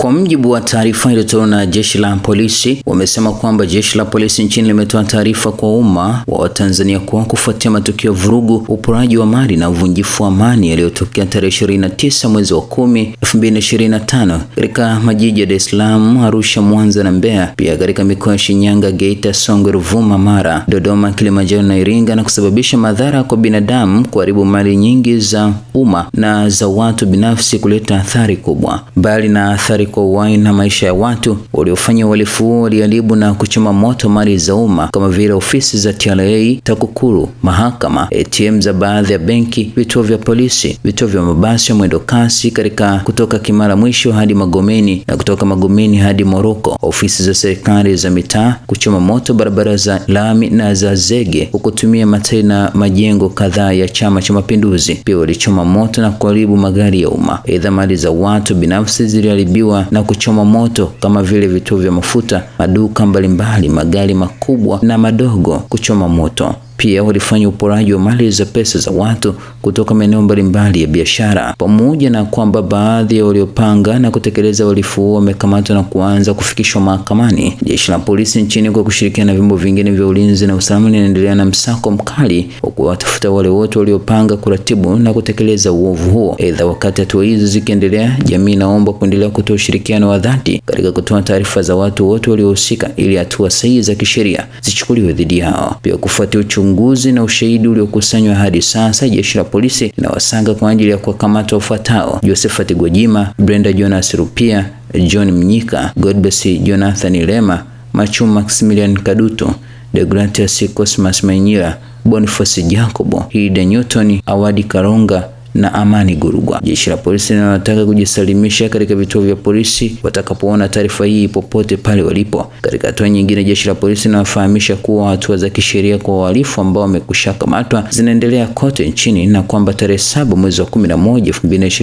Kwa mjibu wa taarifa iliyotolewa na jeshi la polisi, wamesema kwamba jeshi la polisi nchini limetoa taarifa kwa umma wa Watanzania kuwa kufuatia matukio vurugu, uporaji wa mali na uvunjifu wa amani yaliyotokea tarehe 29 mwezi wa 10 2025 katika majiji ya Dar es Salaam, Arusha, Mwanza na Mbeya, pia katika mikoa ya Shinyanga, Geita, Songwe, Ruvuma, Mara, Dodoma, Kilimanjaro na Iringa na kusababisha madhara kwa binadamu, kuharibu mali nyingi za umma na za watu binafsi, kuleta athari kubwa. Bali na athari kwa uwai na maisha ya watu waliofanya uhalifu huo waliharibu na kuchoma moto mali za umma kama vile ofisi za TRA, TAKUKURU, mahakama, ATM za baadhi ya benki, vituo vya polisi, vituo vya mabasi ya mwendo kasi katika kutoka Kimara Mwisho hadi Magomeni na kutoka Magomeni hadi Moroko, ofisi za serikali za mitaa, kuchoma moto barabara za lami na za zege kwa kutumia matairi na majengo kadhaa ya Chama cha Mapinduzi. Pia walichoma moto na kuharibu magari ya umma. Aidha, mali za watu binafsi ziliharibiwa na kuchoma moto kama vile vituo vya mafuta, maduka mbalimbali, magari makubwa na madogo kuchoma moto. Pia walifanya uporaji wa mali za pesa za watu kutoka maeneo mbalimbali ya biashara, pamoja na kwamba baadhi ya waliopanga na kutekeleza uhalifu huo wamekamatwa na kuanza kufikishwa mahakamani. Jeshi la polisi nchini kwa kushirikiana na vyombo vingine vya ulinzi na usalama linaendelea na msako mkali wa kuwatafuta wale wote waliopanga, kuratibu na kutekeleza uovu huo. Aidha, wakati hatua hizi zikiendelea, jamii inaomba kuendelea kutoa ushirikiano wa dhati katika kutoa taarifa za watu wote waliohusika ili hatua sahihi za kisheria zichukuliwe dhidi yao. Pia kufuatia uchunguzi uchunguzi na ushahidi uliokusanywa hadi sasa, jeshi la polisi linawasanga kwa ajili ya kuwakamata wafuatao: Josephat Gwajima, Brenda Jonas Rupia, John Mnyika, Godbless Jonathan Lema, Machu Maximilian Kadutu, Deogratias Cosmas Mainyira, Boniface Jacobo, Hilda Newton, Awadi Karonga na amani Gurugwa. Jeshi la polisi linataka kujisalimisha katika vituo vya polisi watakapoona taarifa hii popote pale walipo. Katika hatua nyingine, jeshi la polisi linawafahamisha kuwa hatua za kisheria kwa wahalifu ambao wamekushakamatwa zinaendelea kote nchini na kwamba tarehe saba mwezi wa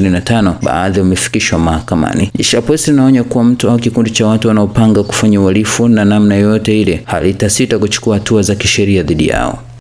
na tano baadhi wamefikishwa mahakamani. Jeshi la polisi linaonya kuwa mtu au kikundi cha watu wanaopanga kufanya uhalifu na namna yoyote ile halitasita kuchukua hatua za kisheria dhidi yao.